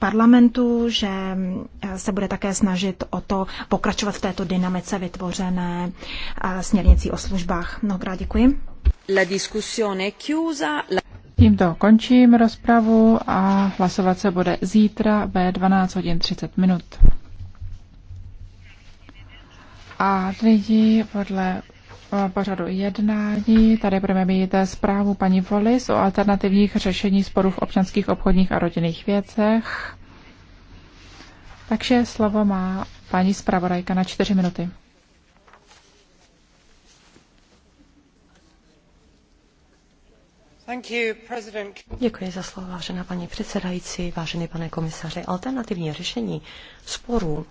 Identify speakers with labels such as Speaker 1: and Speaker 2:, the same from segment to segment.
Speaker 1: parlamentu, že eh, se bude také snažit o to pokračovat v této dynamice vytvořené eh, směrnicí o službách. Mnohokrát děkuji.
Speaker 2: La
Speaker 3: discussione chiusa. La...
Speaker 4: Tímto končím rozpravu a hlasovat se bude zítra ve 12 hodin 30 minut. A lidi podle pořadu jednání. Tady budeme mít zprávu paní Volis o alternativních řešení sporů v občanských, obchodních a rodinných věcech. Takže slovo má paní zpravodajka na čtyři
Speaker 2: minuty. Děkuji za slovo, vážená paní předsedající, vážený pane komisaři. Alternativní řešení sporů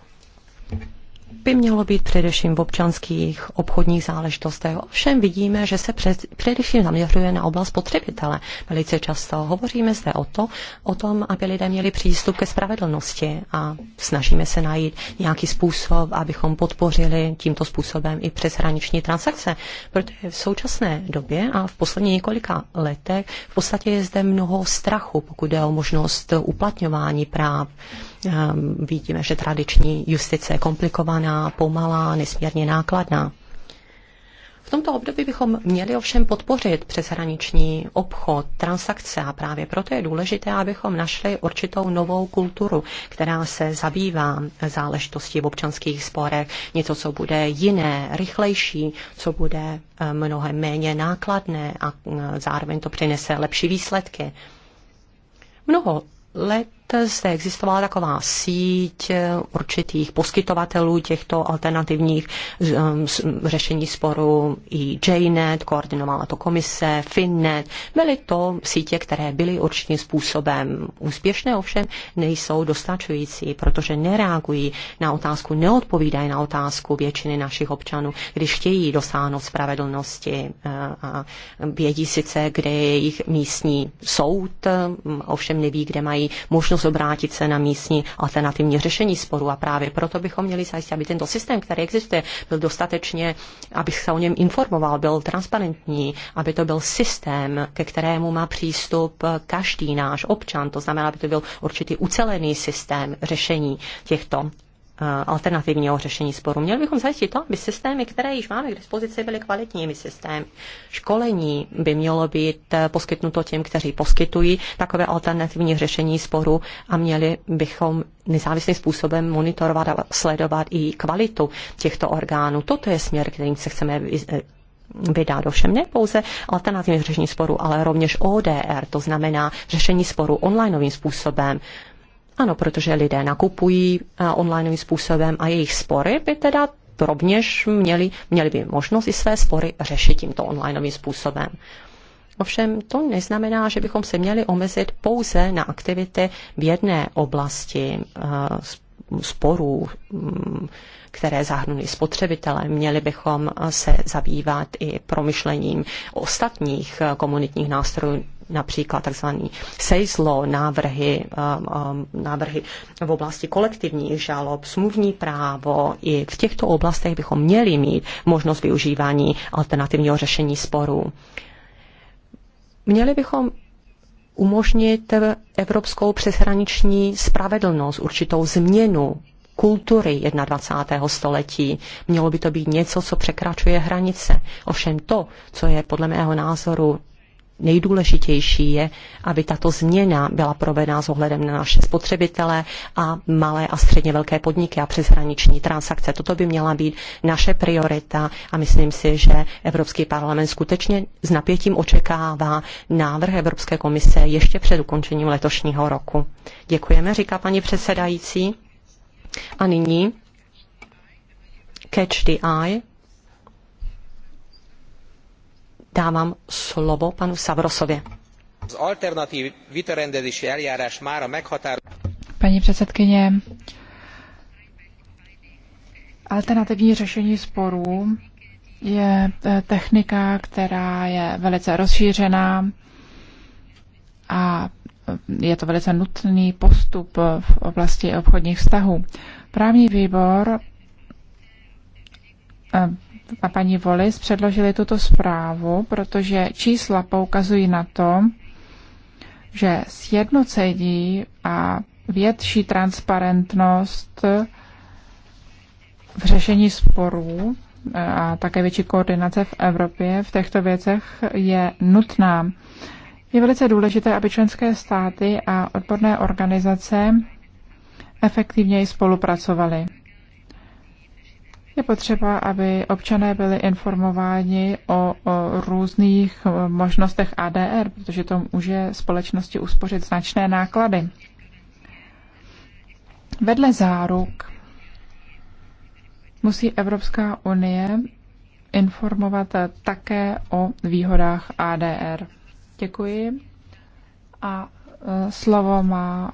Speaker 2: by mělo být především v občanských obchodních záležitostech. Ovšem vidíme, že se před, především zaměřuje na oblast potřebitele. Velice často hovoříme zde o, to, o tom, aby lidé měli přístup ke spravedlnosti a snažíme se najít nějaký způsob, abychom podpořili tímto způsobem i přeshraniční transakce. Protože v současné době a v posledních několika letech v podstatě je zde mnoho strachu, pokud jde o možnost uplatňování práv Ehm, vidíme, že tradiční justice je komplikovaná, pomalá, nesmírně nákladná. V tomto období bychom měli ovšem podpořit přeshraniční obchod, transakce a právě proto je důležité, abychom našli určitou novou kulturu, která se zabývá záležitostí v občanských sporech, něco, co bude jiné, rychlejší, co bude ehm, mnohem méně nákladné a ehm, zároveň to přinese lepší výsledky. Mnoho let zde existovala taková síť eh, určitých poskytovatelů těchto alternativních um, řešení sporu i JNet, koordinovala to komise, FinNet. Byly to sítě, které byly určitým způsobem úspěšné, ovšem nejsou dostačující, protože nereagují na otázku, neodpovídají na otázku většiny našich občanů, když chtějí dosáhnout spravedlnosti eh, a vědí sice, kde je jejich místní soud, eh, ovšem neví, kde mají možnost možnost obrátit se na místní alternativní řešení sporu a právě proto bychom měli zajistit, aby tento systém, který existuje, byl dostatečně, abych se o něm informoval, byl transparentní, aby to byl systém, ke kterému má přístup každý náš občan, to znamená, aby to byl určitý ucelený systém řešení těchto Eh, alternativního řešení sporu. Měli bychom zajistit to, aby systémy, které již máme k dispozici, byly kvalitními systémy. Školení by mělo být eh, poskytnuto těm, kteří poskytují takové alternativní řešení sporu a měli bychom nezávislým způsobem monitorovat a sledovat i kvalitu těchto orgánů. Toto je směr, kterým se chceme eh, vydat. Ovšem ne pouze alternativní řešení sporu, ale rovněž ODR, to znamená řešení sporu onlineovým způsobem. Ano, protože lidé nakupují eh, onlineovým způsobem a jejich spory by teda rovněž měli, měli by možnost i své spory řešit tímto onlineovým způsobem. Ovšem to neznamená, že bychom se měli omezit pouze na aktivity v jedné oblasti eh, sporů, mm, které zahrnují spotřebitele. Měli bychom eh, se zabývat i promyšlením ostatních komunitních nástrojů, například tzv. sejslo návrhy, um, um, návrhy v oblasti kolektivních žalob, smluvní právo. I v těchto oblastech bychom měli mít možnost využívání alternativního řešení sporů. Měli bychom umožnit evropskou přeshraniční spravedlnost, určitou změnu kultury 21. století. Mělo by to být něco, co překračuje hranice. Ovšem to, co je podle mého názoru nejdůležitější je, aby tato změna byla provedena s ohledem na naše spotřebitele a malé a středně velké podniky a přeshraniční transakce. Toto by měla být naše priorita a myslím si, že Evropský parlament skutečně s napětím očekává návrh Evropské komise ještě před ukončením letošního roku. Děkujeme, říká paní předsedající. A nyní Catch the Eye dávám slovo panu Savrosovi. Paní předsedkyně, alternativní
Speaker 4: řešení sporů je eh, technika, která je velice rozšířená a eh, je to velice nutný postup v oblasti obchodních vztahů. Právní výbor eh, a paní Volis předložili tuto zprávu, protože čísla poukazují na to, že sjednocení a větší transparentnost v řešení sporů eh, a také větší koordinace v Evropě v těchto věcech je nutná. Je velice důležité, aby členské státy a odborné organizace efektivněji spolupracovaly. Je potřeba, aby občané byli informováni o, o různých e, možnostech ADR, protože to může společnosti uspořit značné náklady. Vedle záruk musí Evropská unie informovat také o výhodách ADR. Děkuji. A e, slovo má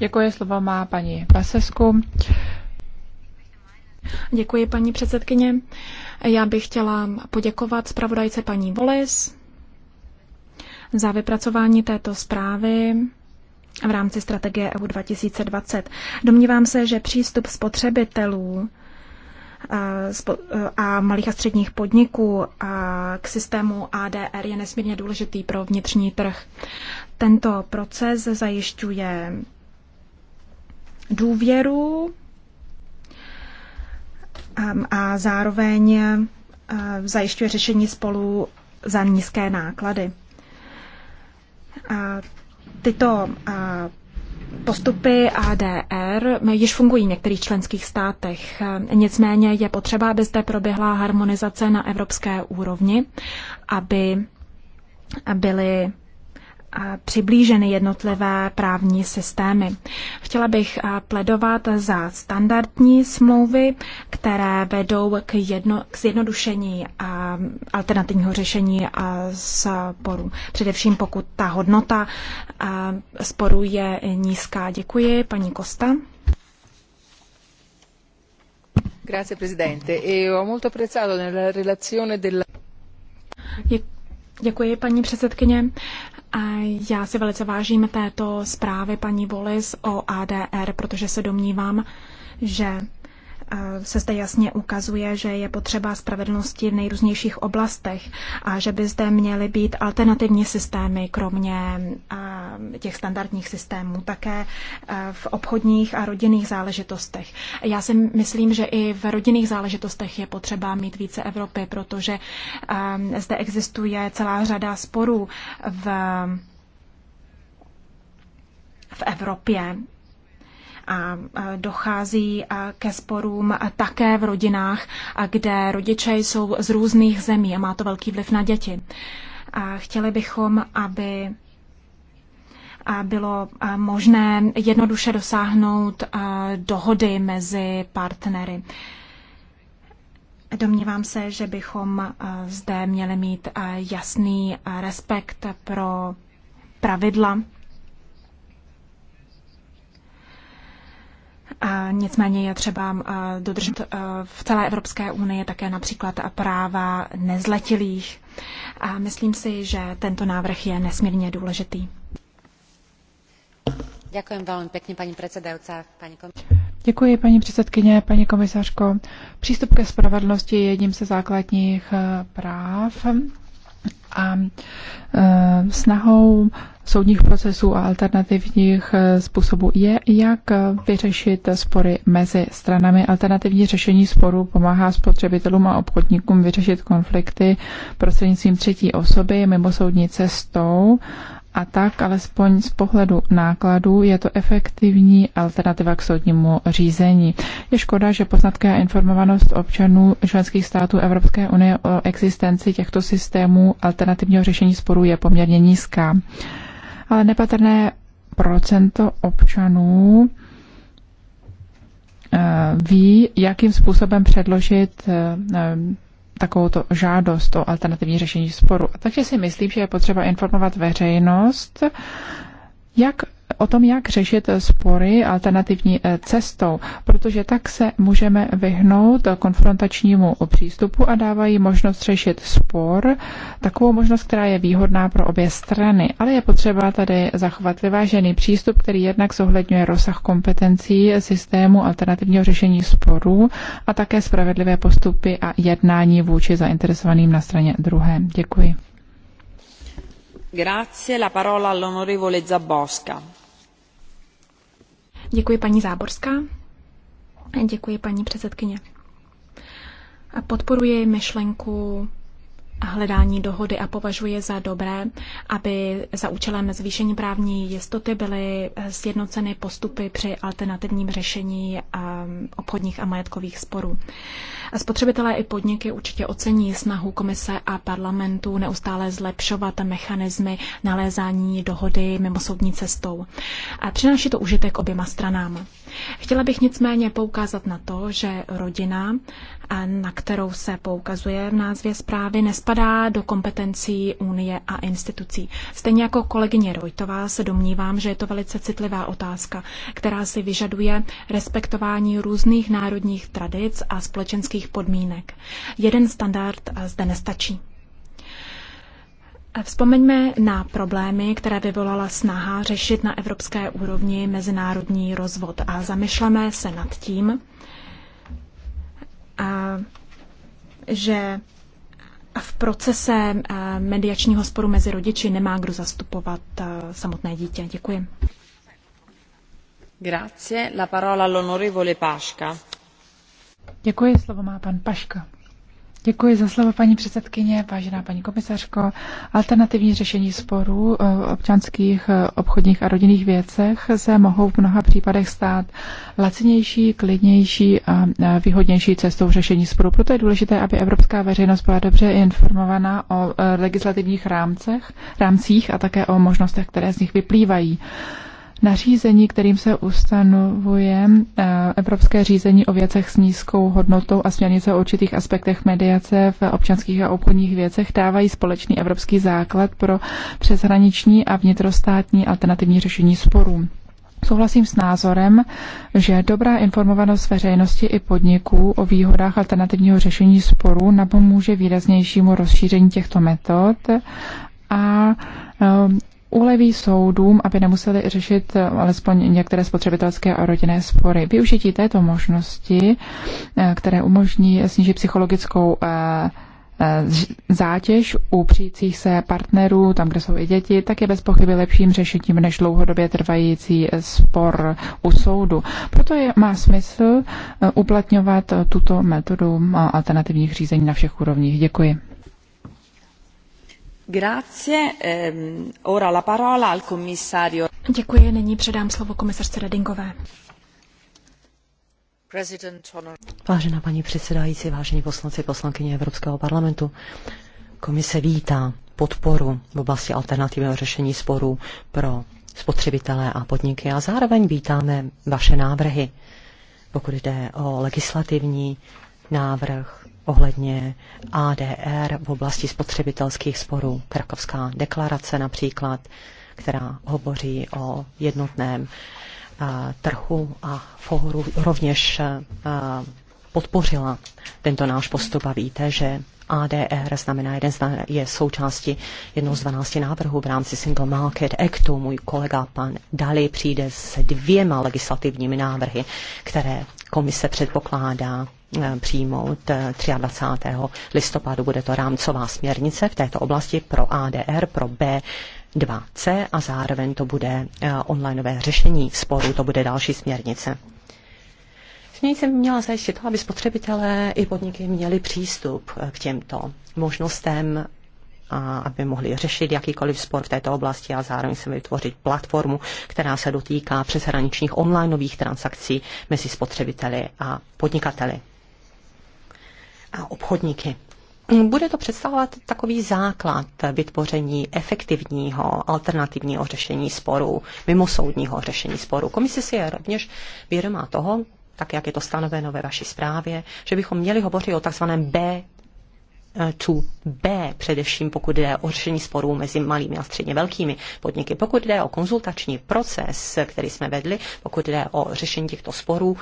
Speaker 4: Děkuji, slovo má paní Pasesku. Děkuji, paní předsedkyně.
Speaker 1: Já bych chtěla poděkovat zpravodajce paní Volis za vypracování této zprávy v rámci strategie EU 2020. Domnívám se, že přístup spotřebitelů a malých a středních podniků k systému ADR je nesmírně důležitý pro vnitřní trh. Tento proces zajišťuje důvěru um, a zároveň uh, zajišťuje řešení spolu za nízké náklady. A tyto uh, postupy ADR no, již fungují v některých členských státech. Nicméně je potřeba, aby zde proběhla harmonizace na evropské úrovni, aby byly přiblíženy jednotlivé právní systémy. Chtěla bych pledovat za standardní smlouvy, které vedou k, jedno, k zjednodušení alternativního řešení sporu. Především pokud ta hodnota sporu je nízká. Děkuji, paní Kosta.
Speaker 4: Grazie Presidente. E ho molto apprezzato nella relazione della... Děkuji, paní předsedkyně.
Speaker 1: A já si velice vážím této zprávy paní Volis o ADR, protože se domnívám, že se zde jasně ukazuje, že je potřeba spravedlnosti v nejrůznějších oblastech a že by zde měly být alternativní systémy, kromě těch standardních systémů, také v obchodních a rodinných záležitostech. Já si myslím, že i v rodinných záležitostech je potřeba mít více Evropy, protože zde existuje celá řada sporů v v Evropě a dochází ke sporům také v rodinách, kde rodiče jsou z různých zemí a má to velký vliv na děti. A chtěli bychom, aby bylo možné jednoduše dosáhnout dohody mezi partnery. Domnívám se, že bychom zde měli mít jasný respekt pro pravidla A nicméně je třeba dodržet v celé Evropské unii také například práva nezletilých. A myslím si, že tento návrh je
Speaker 4: nesmírně důležitý.
Speaker 2: Děkuji velmi pěkně, paní předsedající. Paní
Speaker 4: Děkuji, paní předsedkyně, paní komisařko. Přístup ke spravedlnosti je jedním ze základních e, práv a e, snahou soudních procesů a alternativních e, způsobů je, jak vyřešit spory mezi stranami. Alternativní řešení sporů pomáhá spotřebitelům a obchodníkům vyřešit konflikty prostřednictvím třetí osoby mimo soudní cestou a tak, alespoň z pohledu nákladů, je to efektivní alternativa k soudnímu řízení. Je škoda, že poznatky a informovanost občanů členských států Evropské unie o existenci těchto systémů alternativního řešení sporů je poměrně nízká. Ale nepatrné procento občanů eh, ví, jakým způsobem předložit eh, takovouto žádost o alternativní řešení sporu. Takže si myslím, že je potřeba informovat veřejnost, jak o tom, jak řešit spory alternativní eh, cestou, protože tak se můžeme vyhnout konfrontačnímu přístupu a dávají možnost řešit spor, takovou možnost, která je výhodná pro obě strany. Ale je potřeba tady zachovat vyvážený přístup, který jednak zohledňuje rozsah kompetencí systému alternativního řešení sporů a také spravedlivé postupy a jednání vůči zainteresovaným na straně druhé. Děkuji.
Speaker 3: Grazie, la parola all'onorevole Zabosca.
Speaker 4: Děkuji paní
Speaker 1: Záborská. Děkuji paní předsedkyně. podporuji myšlenku hledání dohody a považuje za dobré, aby za účelem zvýšení právní jistoty byly eh, sjednoceny postupy při alternativním řešení ehm, obchodních a majetkových sporů. Spotřebitelé i podniky určitě ocení snahu komise a parlamentu neustále zlepšovat mechanismy nalézání dohody mimo soudní cestou. A přináší to užitek oběma stranám. Chtěla bych nicméně poukázat na to, že rodina, na kterou se poukazuje v názvě zprávy, nespadá spadá do kompetencí Unie a institucí. Stejně jako kolegyně Rojtová se domnívám, že je to velice citlivá otázka, která si vyžaduje respektování různých národních tradic a společenských podmínek. Jeden standard zde nestačí. Vzpomeňme na problémy, které vyvolala snaha řešit na evropské úrovni mezinárodní rozvod a zamišleme se nad tím, že v procese eh, mediačního sporu mezi rodiči nemá kdo zastupovat eh, samotné dítě. Děkuji.
Speaker 3: Grazie. La parola all'onorevole Paška.
Speaker 4: Děkuji, slovo má pan Paška. Děkuji za slovo, paní předsedkyně, vážená paní komisařko. Alternativní řešení sporů eh, občanských, eh, obchodních a rodinných věcech se mohou v mnoha případech stát lacinější, klidnější a eh, výhodnější cestou řešení sporů. Proto je důležité, aby evropská veřejnost byla dobře informovaná o legislativních rámcech, rámcích a také o možnostech, které z nich vyplývají nařízení, kterým se ustanovuje eh, Evropské řízení o věcech s nízkou hodnotou a směrnice o určitých aspektech mediace v občanských a obchodních věcech, dávají společný evropský základ pro přeshraniční a vnitrostátní alternativní řešení sporů. Souhlasím s názorem, že dobrá informovanost veřejnosti i podniků o výhodách alternativního řešení sporů napomůže výraznějšímu rozšíření těchto metod a eh, uleví soudům, aby nemuseli řešit eh, alespoň některé spotřebitelské a rodinné spory. Využití této možnosti, eh, které umožní snížit psychologickou eh, zátěž u přijících se partnerů, tam, kde jsou i děti, tak je bez pochyby lepším řešením než dlouhodobě trvající spor u soudu. Proto je, má smysl uplatňovat tuto metodu alternativních řízení na všech úrovních. Děkuji.
Speaker 3: Ehm,
Speaker 1: Děkuji, nyní předám slovo komisařce Redingové.
Speaker 2: Vážená paní předsedající, vážení poslanci, poslankyně Evropského parlamentu, komise vítá podporu v oblasti alternativního řešení sporů pro spotřebitelé a podniky a zároveň vítáme vaše návrhy, pokud jde o legislativní návrh ohledně ADR v oblasti spotřebitelských sporů. Krakovská deklarace například, která hovoří o jednotném eh, trhu a fóru rovněž eh, podpořila tento náš postup a víte, že ADR znamená jeden z, je součástí jednou z 12 návrhů v rámci Single Market Actu. Můj kolega pan Dali přijde s dvěma legislativními návrhy, které komise předpokládá eh, přijmout 23. Eh, listopadu. Bude to rámcová směrnice v této oblasti pro ADR, pro B 2C a zároveň to bude eh, onlineové řešení sporů, to bude další směrnice. Směrnice jsem měla zajistit to, aby spotřebitelé i podniky měli přístup k těmto možnostem a aby mohli řešit jakýkoliv spor v této oblasti a zároveň se vytvořit platformu, která se dotýká přeshraničních online nových transakcí mezi spotřebiteli a podnikateli a obchodníky. Bude to představovat takový základ vytvoření efektivního alternativního řešení sporů, mimosoudního řešení sporů. Komise si je rovněž vědomá toho, tak jak je to stanoveno ve vaší zprávě, že bychom měli hovořit o takzvaném B eh, tu B, především pokud jde o řešení sporů mezi malými a středně velkými podniky. Pokud jde o konzultační proces, který jsme vedli, pokud jde o řešení těchto sporů,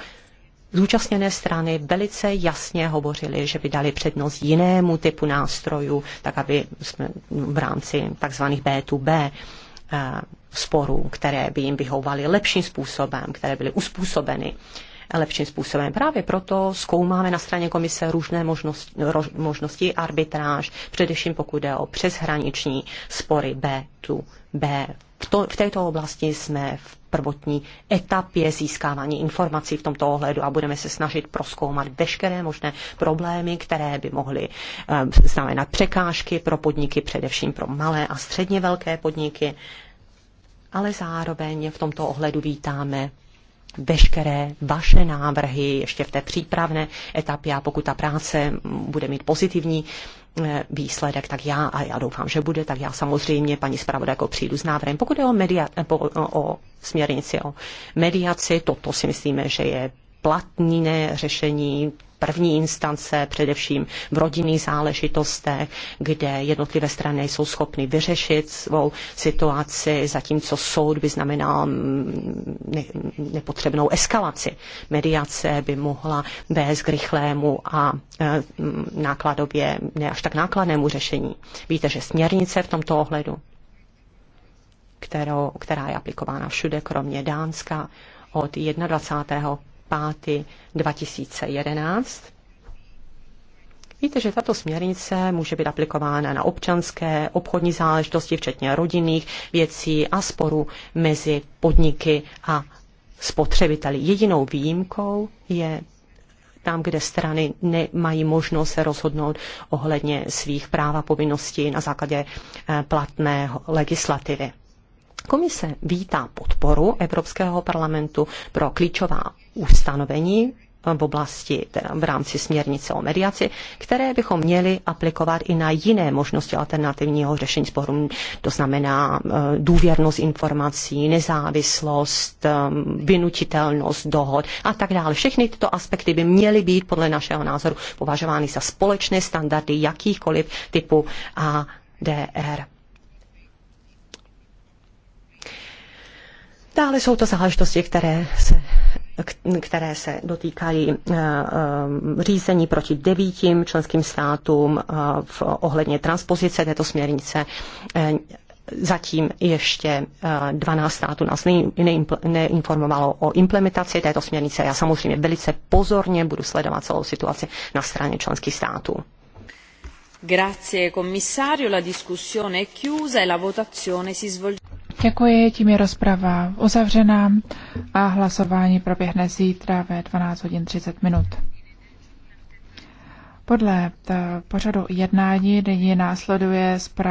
Speaker 2: Zúčastněné strany velice jasně hovořily, že by dali přednost jinému typu nástrojů, tak aby jsme v rámci tzv. B2B eh, sporů, které by jim vyhovaly lepším způsobem, které byly uspůsobeny lepším způsobem. Právě proto zkoumáme na straně komise různé možnosti, možnosti arbitráž, především pokud jde o přeshraniční spory B tu B. V, to, v této oblasti jsme v prvotní etapě získávání informací v tomto ohledu a budeme se snažit proskoumat veškeré možné problémy, které by mohly eh, znamenat překážky pro podniky, především pro malé a středně velké podniky, ale zároveň v tomto ohledu vítáme veškeré vaše návrhy ještě v té přípravné etapě a pokud ta práce bude mít pozitivní eh, výsledek, tak já, a já doufám, že bude, tak já samozřejmě paní zpravodajko přijdu s návrhem. Pokud je o, media, eh, po, o, o směrnici o mediaci, toto si myslíme, že je platné řešení, první instance, především v rodinných záležitostech, kde jednotlivé strany jsou schopny vyřešit svou situaci, zatímco soud by znamenal mm, ne, nepotřebnou eskalaci. Mediace by mohla vést k rychlému a e, mm, nákladově ne až tak nákladnému řešení. Víte, že směrnice v tomto ohledu, kterou, která je aplikována všude, kromě Dánska, od 21. 5. 2011. Víte, že tato směrnice může být aplikována na občanské, obchodní záležitosti, včetně rodinných věcí a sporů mezi podniky a spotřebiteli. Jedinou výjimkou je tam, kde strany nemají možnost se rozhodnout ohledně svých práv a povinností na základě eh, platné legislativy. Komise vítá podporu Evropského parlamentu pro klíčová ustanovení v oblasti, teda v rámci směrnice o mediaci, které bychom měli aplikovat i na jiné možnosti alternativního řešení sporů. To znamená eh, důvěrnost informací, nezávislost, eh, vynutitelnost dohod a tak dále. Všechny tyto aspekty by měly být podle našeho názoru považovány za společné standardy jakýchkoliv typu ADR. Dále jsou to záležitosti, které se které se dotýkají eh, eh, řízení proti devítím členským státům eh, v ohledně transpozice této směrnice. Zatím ještě 12 států nás neinformovalo o implementaci této směrnice. Já samozřejmě velice pozorně budu sledovat celou situaci na straně členských států.
Speaker 3: Grazie commissario, la discussione è chiusa e la votazione si svolge.
Speaker 4: Děkuji, tím je rozprava uzavřená a hlasování proběhne zítra ve 12 hodin 30 minut. Podle eh, pořadu jednání nyní následuje zpráva.